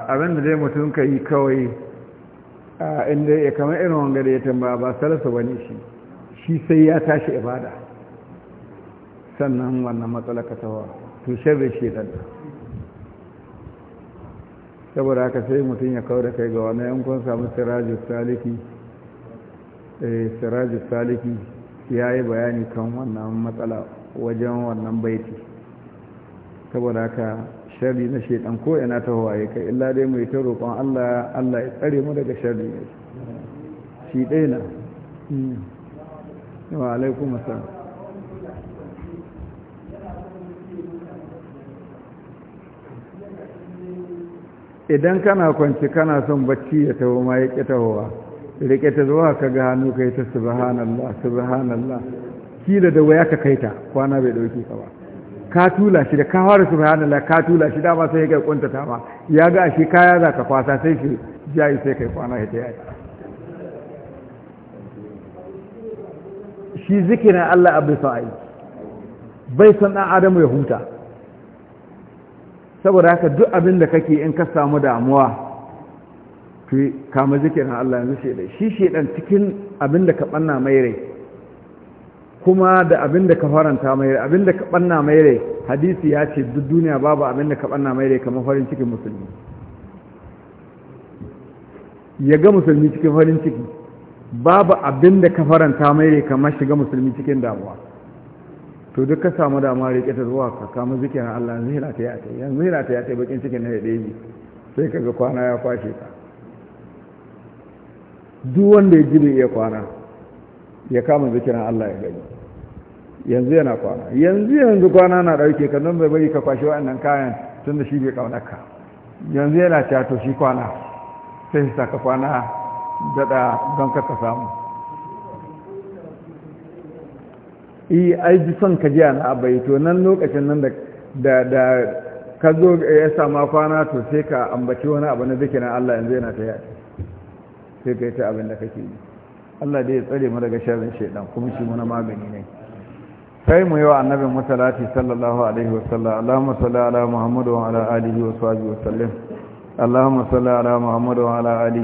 S1: abin da dai mutum ka yi kawai inda ya kama irin wanga da ya tamba ba salasa wani shi shi sai ya tashi ibada sannan wannan matsala ka tawa to shi shedan saboda haka sai mutum ya kawo da kai ga wani yankun samu sirajin saliki eh, sirajin saliki ya yi bayani kan wannan matsala wajen wannan baiti saboda haka sharri na shedan ko yana ta hawaye kai illa dai mai ta roƙon allah allah ya tsare mu daga sharri ne shi ɗaya na hmm. wa alaikum assalam idan kana kwanci kana son bacci ya taho ma ya ƙi tahowa rike ta zuwa ka ga hannu ka yi ta subhanallah subhanallah kila da waya ka kai ta kwana bai dauke ka ba ka tula shi da ka fara subhanallah ka tula shi dama sai ya kai ta ma ya ga shi kaya za ka kwasa sai shi jayi sai kai kwana ya tayi shi zikirin Allah abu sa'i bai san dan adamu ya huta saboda haka duk abin da kake in ka samu damuwa fi kama zikirin Allah yanzu shedan shi shedan cikin abin da ka banna mai rai kuma da abin da ka faranta mai rai abin da ka banna mai rai hadisi ya ce duk duniya babu abin da ka banna mai rai kamar farin cikin musulmi ya ga musulmi cikin farin ciki babu abin da ka faranta mai rai kamar shiga musulmi cikin damuwa to duk ka samu dama rike ta zuwa ka kama zikirin Allah yanzu hira ta ya ta yanzu hira ta ya ta bakin cikin na da yi sai kaga kwana ya kwashe ka duk wanda ya ji ya iya kwana ya kama zikirin Allah ya gani yanzu yana kwana yanzu yanzu kwana na ɗauke ka don bai bari ka kwashe wannan kayan tun da shi bai ƙaunar ka yanzu yana ta to shi kwana sai sa ka kwana daɗa don ka samu eh ai ji son ka jiya na abai to nan lokacin nan da da ka zo ya sama kwana to sai ka ambaci wani abu na zikirin Allah yanzu yana ta yaɗi sai ka yi ta abin da kake yi Allah dai ya tsare mu daga sharrin shaidan kuma shi na magani ne sai mu yi wa annabi musalati sallallahu alaihi wa sallam, Allahumma salli ala Muhammad wa ala alihi wa sahbihi wa sallam Allahumma salli ala Muhammad wa ala alihi